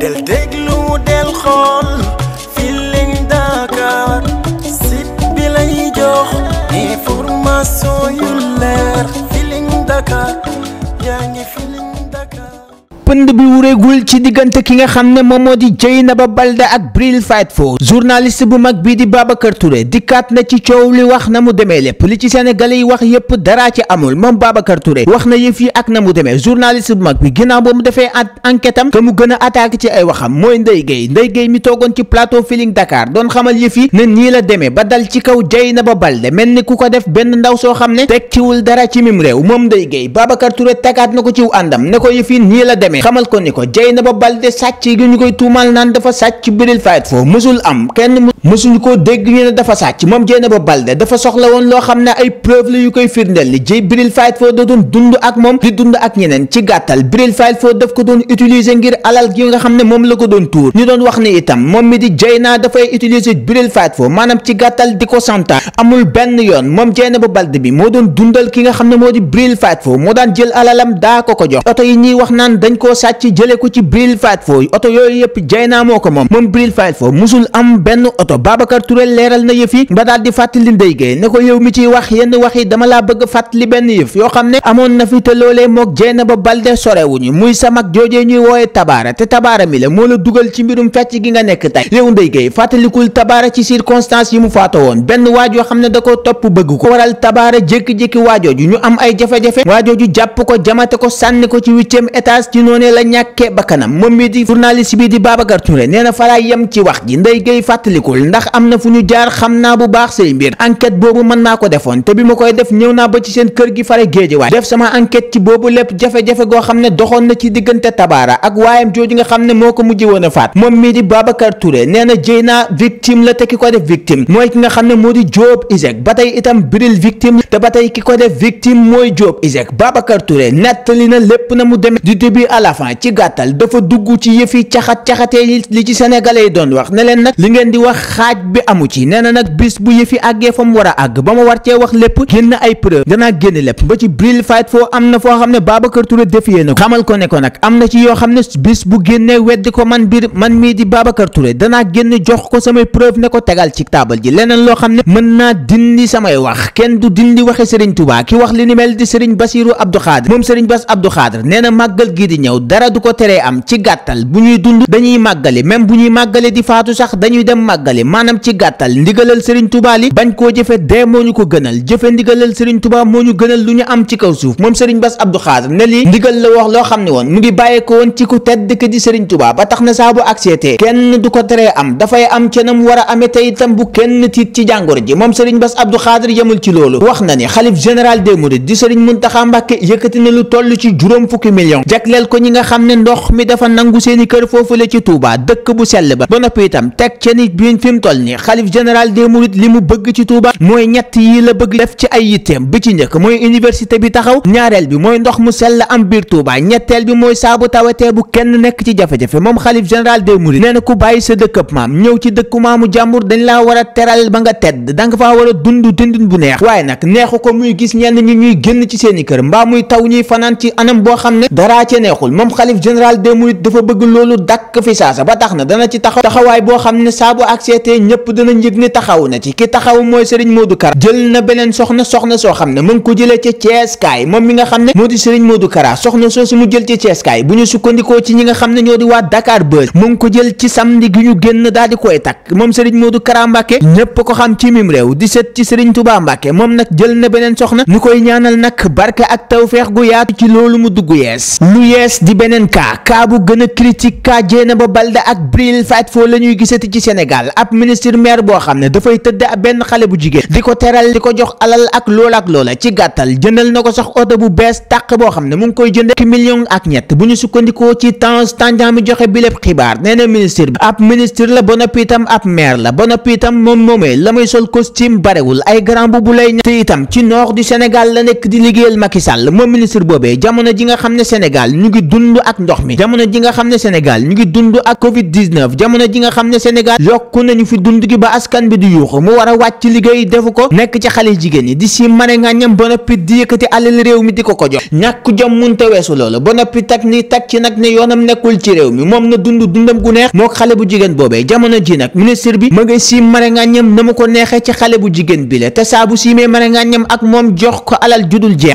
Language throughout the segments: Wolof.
del déglu del xool Feeling Dakar site bi jox information yu leer Feeling Dakar yaa ngi pënd bi wureegul ci diggante ki nga xam ne moom moo di na Dieynaba Balde ak Bril foo journaliste bu mag bii di Babacar Touré dikkaat na ci coow li wax na mu demee lépp li ci sénégalais yi wax yépp dara ci amul moom Babacar Touré wax na yëf yi ak na mu demee journaliste bu mag bi ginnaaw ba mu defee enquête am ka mu gën a attaqué ci ay waxam mooy Ndeye Gueye Ndeye Gueye mi toogoon ci plateau Feeling Dakar doon xamal yëf yi ne nii la demee ba dal ci kaw Dieynaba Balde mel ni ku ko def benn ndaw soo xam ne tekkiwul dara ci mim réew moom Ndeye Gueye Babacar Touré taggaat na ko ciw àndam ne xamal ko ni ko Dieynaba Balde sàcc gi ñu koy tuumaal naan dafa sàcc Bril Fight Fo mësul am kenn mësuñu koo dégg ñu ne dafa sàcc moom Dieynaba Balde dafa soxla woon loo xam ne ay preuve la koy firndeel ni jiy Bril Fight Fo da doon dund ak moom di dund ak ñeneen ci gàttal Bril Fight Fo daf ko doon utiliser ngir alal gi nga xam ne moom la ko doon tuur ñu doon wax ni itam moom mi di naa dafay utiliser Bril Fight foo maanaam ci gàttal di ko santaane amul benn yoon moom Dieynaba Balde bi moo doon dundal ki nga xam ne moo di Bril Fight Fo moo daan jël alalam daa ko ko jo koo sàcc jëlee ko ci Bril Fight Fo oto yooyu yëpp Dieyna moo ko moom moom Bril am benn oto Babacar Touré leeral na yëf yi ba daal fàttali Ndeye Gueye ne ko yow mi ciy yenn wax yi dama laa bëgg fàttali benn yëf yoo xam ne amoon na fi te loolee mook Dieynaba Balde sorewuñu muy sa mag joojee ñuy wooye tabaara te tabaara mi la moo la dugal ci mbirum fecc gi nga nekk tey yow Ndeye Gueye fàttalikul tabaara ci circonstance yi mu faato woon benn waaj yoo xam ne da ko topp bëgg ko waral tabaara jékki-jékki waajooju ñu am ay jafe-jafe waajooju jàpp ko jamate ko sànni ko ci huitième étage ci noonu noonee la ñàkkee bakkanam moom mi di journaliste bi di Babacar nee na falaa yem ci wax ji Ndeye Gueye fàttalikul ndax am na fu ñu jaar xam naa bu baax say mbir enquête boobu mën naa ko defoon te bi ma koy def ñëw naa ba ci seen kër gi fare géejewaay def sama enquête ci boobu lépp jafe-jafe goo xam ne doxoon na ci diggante tabaara ak waayam jooju nga xam ne moo ko mujj woon a faat moom mii di Babacar Touré nee na jéy naa victime la te ki ko def victime mooy ki nga xam ne moo di Diop Iseg ba tey itam Bril victime te ba tey ko def victime mooy Diop Iseg Babacar Touré nettali na lépp na mu Safan ci gàttal dafa dugg ci yëfi caxat-caxatee li ci sénégalais yi doon wax ne leen nag li ngeen di wax xaaj bi amu ci nee na nag bis bu yëfi àggee fa mu war a àgg ba ma war cee wax lépp génn ay preuve danaa génn lépp ba ci bril fight foo am na foo xam ne Babacar Touré defiyee na ko xamal ko ne ko nag am na ci yoo xam ne bis bu génnee weddi ko man biir man mii di Babacar Touré danaa génn jox ko samay preuve ne ko tegal ci taabal ji leneen loo xam ne mën naa dindi samay wax kenn du dindi waxe Serigne Touba ki wax li ni mel di Serigne Bassirou Abdou loolu dara du ko teree am ci gàttal bu ñuy dund dañuy màggali même bu ñuy màggale di faatu sax dañuy dem màggali maanaam ci gàttal ndigalal Serigne Touba li bañ koo jëfe dee moo ñu ko gënal jëfe ndigalal Serigne Touba moo ñu gënal lu ñu am ci kaw suuf moom Serigne Bass Abdou Khadre ne lii ndigal la wax loo xam ne woon mu ngi bàyyee ko woon ci ku tedd ki di Serigne Touba ba tax na saa bu accepté kenn du ko teree am dafay am ca nam war a amee tey itam bu kenn tiit ci jàngoro ji moom Serigne Bass Abdou Khadre yemul ci loolu wax na ne xalif général des mourides di Serigne Mountakha Mbacké yëkkati na lu toll ci juróom fukki ñi nga xam ne ndox mi dafa nangu seeni kër foofu la ci Touba dëkk bu sell ba ba noppi itam teg ca nit bi fi mu toll ni xalif général des mourides li mu bëgg ci Touba mooy ñett yi la bëgg def ci ay yitteem bi ci njëkk mooy université bi taxaw ñaareel bi mooy ndox mu sell am biir Touba ñetteel bi mooy saabu tawatee bu kenn nekk ci jafe-jafe moom xalif général des mourides nee na ku bàyyi sa dëkkab maam ñëw ci dëkku maamu jàmbur dañ laa war a teral ba nga tedd danga faa war a dund dundin bu neex waaye nag neexu ko muy gis ñenn ñi ñuy génn ci seeni kër mbaa taw ñuy fanaan ci amul moom xalif général des mourides dafa bëgg loolu dàkk fi saasa ba tax na dana ci taxaw taxawaay boo xam ne saa bu accepté ñëpp dana njëg ni taxaw na ci ki taxaw mooy Serigne Modou Kara jël na beneen soxna soxna soo xam ne mu ngi ko jëlee ca Thiès kaay moom mi moo di Serigne Mbàkke ñëpp ko xam ci mim réew di sët ci Serigne Touba Mbàkke moom nag jël na beneen soxna ñu koy ñaanal nag barke ak tawfeex gu yaatu ci loolu mu dugg yees lu yees di beneen cas cas bu gën a critique cas Dieynaba Balde ak Bril Fight Foo la ñuy gisati ci Sénégal ab ministre maire boo xam ne dafay tëdd ab benn xale bu jigéen di ko teral di ko jox alal ak lool ak loola ci gàttal jëndal na ko sax oto bu bees tàq boo xam ne mu ngi koy jënd million ak ñett bu ñu sukkandikoo ci temps tànjan mi joxe bi lépp xibaar nee na ministre bi ab ministre la ba noppi itam ab maire la ba noppi itam moom moomee la may sol costume barewul ay grand bubu lay itam ci nord du Sénégal la nekk di liggéeyal Macky Sall moom ministre boobee jamono ji nga xam ne Sénégal dund ak ndox mi jamono ji nga xam ne Sénégal ñu ngi dund ak Covid 19 ji nga xam ne Sénégal yokku nañu fi dund gi ba askan bi di yuuxu mu war a wàcc liggéey defu ko nekk ci xale jigéen yi di si mane nga ñam ba noppi di yëkkati alal réew mi di ko ko jox ñàkk jom munte weesu loolu ba noppi tag ni tag ci nag ne yoonam nekkul ci réew mi moom na dund dundam gu neex moo xale bu jigéen boobee jamono ji nag ministre bi ma ngay si mane nga ñam na mu ko neexee ci xale bu jigéen bi la te saabu bu siimee mane nga ñam ak moom jox ko alal judul jeex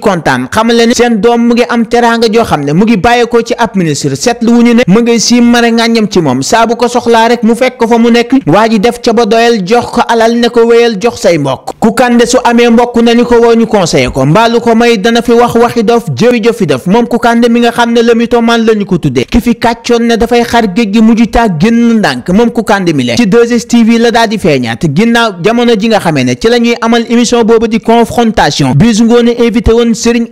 kontaan Anne xamal seen doom mu ngi am teraanga joo xam ne mu ngi bàyyeekoo ci ab ministre seetlu wuñu ne mu ngi si mare ngàññam ci moom saa ko soxlaa rek mu fekk ko fa mu nekk waa ji def ca ba doyal jox ko alal ne ko wéyal jox say mbokk ku kande su amee mbokk nañu ko woo ñu conseillé ko mbaalu ko may dana fi wax waxi jëwi jofi dof moom ku kande mi nga xam ne la mitomaan lañu ko tuddee ki fi kàccoon ne dafay xar géej gi mujj taa génn ndànk moom ku kande mi le ci 2STV la daal di feeñaat ginnaaw ji nga xamee ne ci la ñuy amal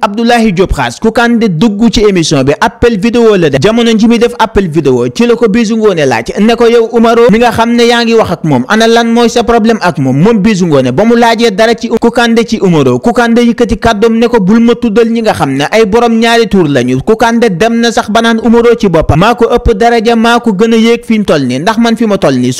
Abdoulaye Diop Khass ku kande dugg ci émission bi appel vidéo la def jamono ji def appel vidéo ci la ko Bijou Ngoné laaj ne ko yow Umaro mi nga xam ne yaa ngi wax ak moom ana lan mooy sa problème ak moom moom Bijou Ngoné ba mu laajee dara ci ku kande ci Umaro ku kande yëkkati kàddoom ne ko bul ma tuddal ñi nga xam ne ay borom ñaari tuur lañu ku dem na sax ba naan Umaro ci boppam maa ko ëpp daraja maa ko gën a yéeg fi mu nii ndax man fi ma toll nii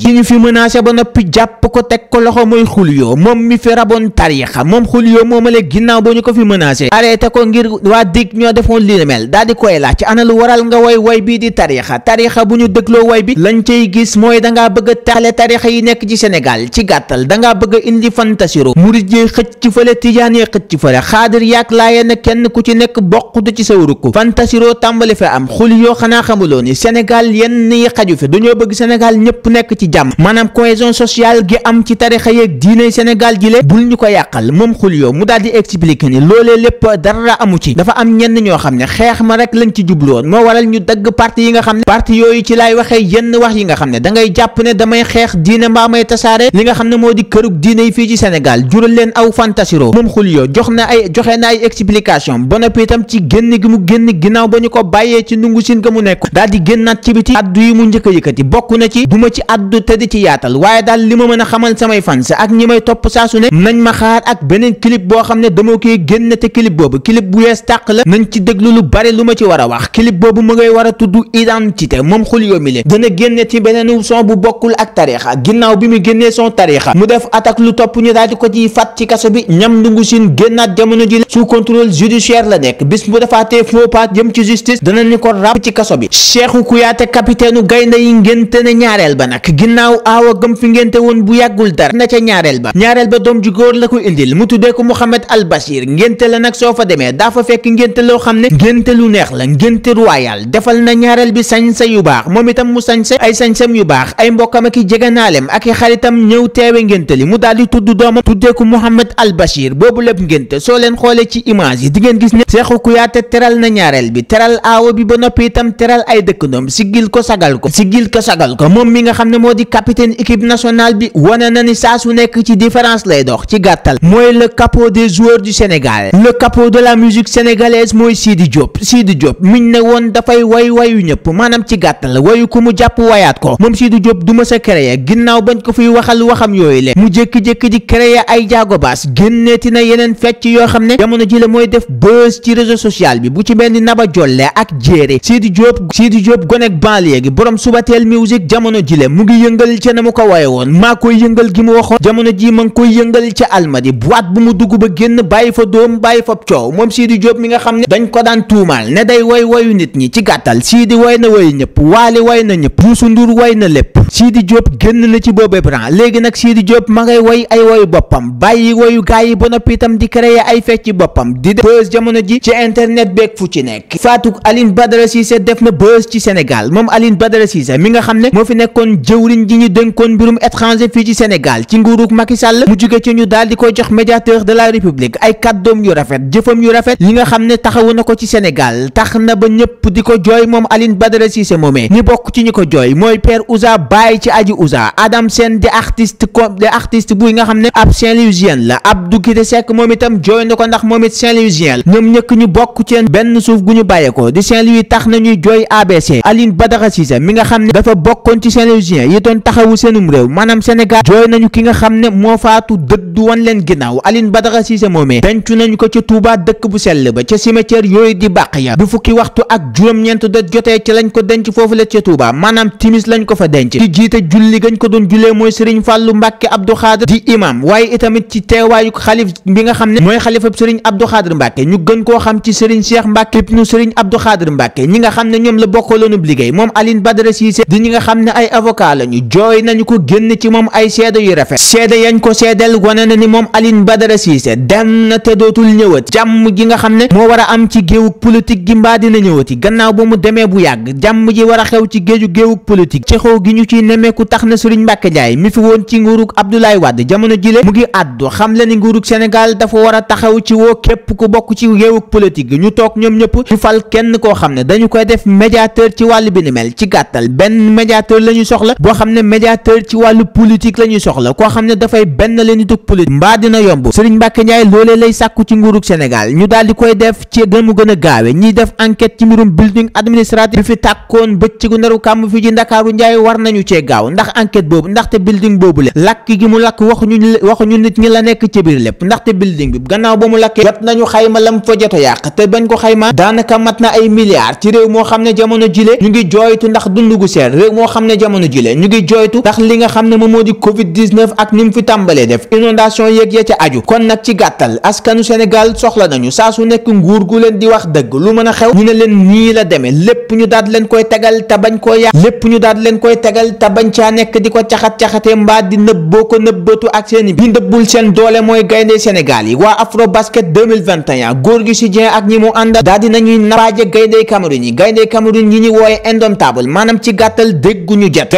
ji ñu fi menacé ba noppi jàpp ko teg ko loxo mooy Julio moom mi fi raboon tarixa moom Julio moomale ginnaaw boo ñu ko fi menacé arrêté ko ngir waa dig ñoo defoon li mel daal di koy laaj ci ana lu waral nga woy woy bii di tarixa tarixa bu ñu dëgloo woy bi lañ cay gis mooy dangaa bëgg a taxale yi nekk ci Sénégal ci gàttal dangaa bëgg a indi fantasiro murit yi xëcc ci fële tijaan yi xëcc ci fële xaadir yaak laayeen kenn ku ci nekk bokkutu ci sawruku fantasiro tàmbali fa am Julio xanaa xamuloo ni Sénégal yenn yi xaju fi dañoo bëgg Sénégal ñëpp nekk ci jàmm maanaam cohésion sociale gi am ci tarixa yeeg diiney Sénégal ji bul ñu ko yàqal moom Xulyo mu daal di ni loolee lépp dara amu ci dafa am ñenn ñoo xam ne xeex ma rek lañ ci jubloon moo waral ñu dagg parti yi nga xam ne parti yooyu ci laay waxee yenn wax yi nga xam ne dangay jàpp ne damay xeex diine mbaa tasaare li nga xam ne moo di kërug diine yi fii ci Sénégal jural leen aw fantasiro moom Xulyo jox na ay joxe na ay explication ba noppi itam ci génn gi mu génn ba ko bàyyee ci ndungu sin ga mu nekk a du tëdd ci yaatal waaye daal li ma mën a xamal samay fans ak ñi may topp saa ne nañ ma xaar ak beneen clip boo xam ne dama koy génn te clip boobu clip bu yees tàq la nañ ci déglu lu bari lu ma ci war a wax clip boobu mu ngay war a tudd identité moom xul yoomi dana génne ci beneen son bu bokkul ak tarixa ginnaaw bi mu génnee son tarixa mu def attaque lu topp ñu daal di ko ciy fat ci kaso bi ñam ndungu sin génnaat jamono ji sous contrôle judiciaire ginnaaw aawa gëm fi ngénte woon bu yàggul dara na ca ñaareel ba ñaareel ba doom ju góor la ko indil mu tuddee ko Mouhamed Al Bachir ngénte la nag soo fa demee daa fa fekk ngénte loo xam ne ngénte lu neex la ngénte royal defal na ñaareel bi sañse yu baax moom itam mu sañse ay sañsem yu baax ay mbokkam ak i jeganaalem ak i xaritam ñëw teewe ngénte li mu daal tudd doomam tuddee ko Mouhamed Al Bachir boobu lépp ngénte soo leen xoolee ci image yi di ngeen gis ne Cheikhou Kouyaté teral na ñaareel bi teral aawa bi ba noppi itam teral ay dëkkandoom siggil ko sagal ko siggil ko sagal ko moo di capitaine équipe nationale bi wane na ni saa su nekk ci différence lay dox ci gàttal mooy le capot des joueurs du Sénégal le capot de la musique sénégalaise mooy Sidi Diop Sidi Diop miñ ne woon dafay way wayu ñëpp maanaam ci gàttal wayu ko mu jàpp wayaat ko moom Sidi Diop du ma sa créer ginnaaw bañ ko fiy waxal waxam yooyu le mu jékki-jékki di créer ay jaago baas génneeti na yeneen fecc yoo xam ne jamono ji la mooy def buzz ci réseau social bi bu ci mel Naba Jolle ak Jéere Sidi Diop Sidi Diop gonek banlieue yëngal ca na mu ko waye woon maa koy yëngal gi mu waxoon jamono ji ma ngi koy yëngal ca almadi boîte bu mu dugg ba génn bàyyi fa doom bàyyi fa coow moom Sidi xam ne dañ ko daan tuumaal ne day woy woyu nit ñi ci gàttal na woyu ñëpp Waali way na ñëpp Youssou Ndour way na lépp Sidi Diop génn na ci boobee léegi nag Sidi Diop ma ngay woy ay woyu boppam bàyyi woyu gaay yi ba noppi itam di créer ay fecci boppam di def ji ci internet beeg fu ci nekk Fatou Aline Badara Cissé def na buzz ci nga xam ne moo fi nekkoon jëw jëwriñ ji ñu dénkoon mbirum étranger fii ci Sénégal ci nguuruk Macky Sall mu jóge ci ñu daal di koy jox médiateur de la République ay kàddoom yu rafet jëfam yu rafet li nga xam ne taxawu na ko ci Sénégal tax na ba ñëpp di ko jooy moom Alioune Badara moomee ñi bokk ci ñi ko jooy mooy Père Ouza Baye ci Adji Ouza Adam Sène di buy nga xam ne ab Saint-Louisien la Abdou Kité Seck moom itam jooy na ko ndax moom it Saint-Louisien la ñoom ñëkk ñu bokk ci benn ñi doon taxawu seenum réew maanaam Sénégal jooy nañu ki nga xam ne moo faatu dëddu woon leen ginnaaw Aline Badara Cissé moomee dencu nañu ko ca Touba bu sell ba ca cimetière yooyu di bàq ya bi fukki waxtu ak juróom-ñeent da jotee ci lañ ko foofu la ca Touba maanaam timis lañ ko fa denc ci jiite julli gañ ko doon jullee mooy Serigne Fallou Mbacke Abdou Khadre di imam waaye itamit ci bi nga xam ne mooy xalifab Serigne Abdou Khadre Mbacke ñu gën koo xam ci Serigne Cheikh Mbacke ibnu Serigne Abdou Khadre Mbacke ñi nga xam ne ñoom la bokkaloonub liggéey moom Aline Badara Cissé di ñi nga xam ne ay avocat lañ ñooñu jooy nañu ko génn ci moom ay seede yu rafet seede yañ ko seedeel wane na ni moom Alioune Badara Cissé dem na te dootul ñëwati jàmm gi nga xam ne moo war a am ci géewug politique gi mbaa dina ñëwati gannaaw ba mu demee bu yàgg jàmm ji war a xew ci géeju géewug politique ci xew gi ñu ciy nemmeeku tax na Serigne Mbacke Ndiaye mi fi woon ci nguurug Abdoulaye Wade jamono jile mu ngi àddu xam le ni nguurug Sénégal dafa war a taxaw ci woo képp ku bokk ci géewug politique ñu toog ñoom ñëpp ñu fal kenn koo xam ne dañu koy def médiateur ci wàll bi ni ci gàttal benn médiateur lañu xam ne médiateur ci wàllu politique la ñuy soxla koo xam ne dafay benn leen nitug politique mbaa dina yomb Serigne Mbacke Ndiaye loolee lay sàkku ci nguurug Sénégal ñu daal di koy def ci gën mu gën a gaawe ñiy def enquête ci mbirum building administratif bi fi tàkkoon bëccëgu naru kàmm fi ci Ndakaaru Ndiaye war nañu cee gaaw ndax enquête boobu ndaxte building boobu le lakk gi mu lakk waxuñu waxuñu nit ñi la nekk ci biir lépp ndaxte building bi gannaaw ba mu lakkee jot nañu xayma lam fa jot yàq te bañ ko xayma daanaka mat na ay milliards ci moo xam ne jamono jile ñu ngi jooytu ndax dund gu seer réew xam ne jamono jile di joytu ndax li nga xam ne moom di covid ak ni mu fi tàmbalee def inondation yeeg ya ca aju kon nag ci gàttal askanu Sénégal soxla nañu saa su nekk nguur gu leen di wax dëgg lu mën a xew ñu ne leen nii la demee lépp ñu daat leen koy tegal te bañ koo yàq lépp ñu daat leen koy tegal te bañ caa nekk di ko caxat-caxatee mbaa di nëb boo ko nëbbatu ak seen bi ñu ndëbbul seen doole mooy gaynde Sénégal yi waa Afro Basket góor gi si Dieng ak ñi mu àndal daal dinañuy napaaje yi gaynde Cameroun yi ñu wooye indomptable maanaam ci gàttal dégguñu jot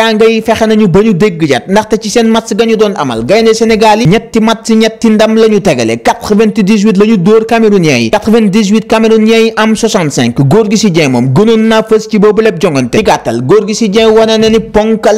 teranga yi fexe nañu ba ñu dégg jat ndaxte ci seen match ga ñu doon amal gaynde Sénégal yi ñetti match ñetti ndam la tegale 98 dóor camerounien yi 98 na ni ponkal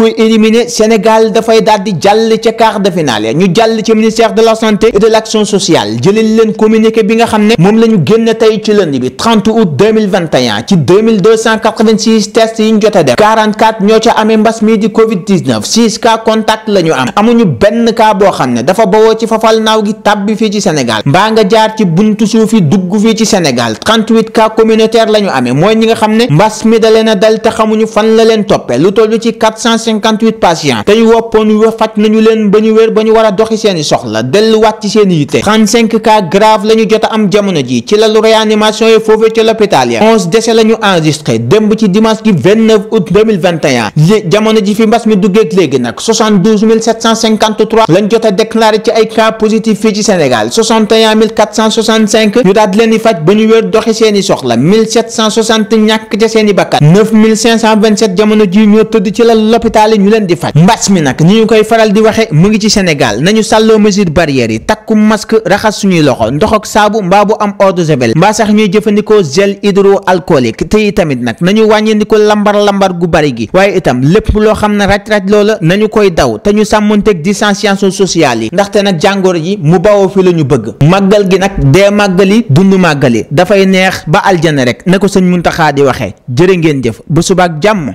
koy éliminer Sénégal dafay daal jàll ca quart de nationale ñu jàll ci ministère de la santé et de l'action sociale jëlil leen communiqué bi nga xam ne moom la génn tey ci lundi bi 30 août ci 2286 yi ñu jot a def 44 ñoo mbas mii di covid am ne dafa bawoo ci fafal naaw gi tàbbi fii ci Sénégal mbaa nga jaar ci buntu suufi dugg fii ci Sénégal 38 cas communautaire la ñu amee mooy ñi nga xam ne mbas mi da leen a dal te xamuñu fan la leen toppee lu toll ci 458 patients te ñu woppoon faj nañu leen ba ñu wér ba ñu war doxi seeni soxla delluwaat ci seeni yitte 35 cas grave jot am jamono ji ci lalu réanimation yi foofee ci l'hôpital ya 11 décès la ñu démb ci dimanche gi 29 jamono ji fi mbas mi duggeeg léegi nag 72 jot a déclaré ci ay cas positif fii ci Sénégal ñu daat leen di faj ba ñu wér doxi seeni soxla 1760 ca seeni bakkan Sénégal nañu sàlloo mesure barrières yi takku masque raxas suñuy loxo ndox ak saabu mbaa bu am eau de javel mbaa sax ñuy jëfandikoo gel hydroalcoolique te itamit nag nañu wàññeendiku lambar lambar gu bari gi waaye itam lépp loo xam ne raj-raj loola nañu koy daw te ñu sàmmanteeg distanciation sociale yi ndaxte nag jàngoor ji mu bawoo fi la ñu bëgg màggal gi nag dee màggali dund màggali dafay neex ba aljana rek na ko sëñ Muntaxa di waxee jërë ngeen jëf ba subaak jàmm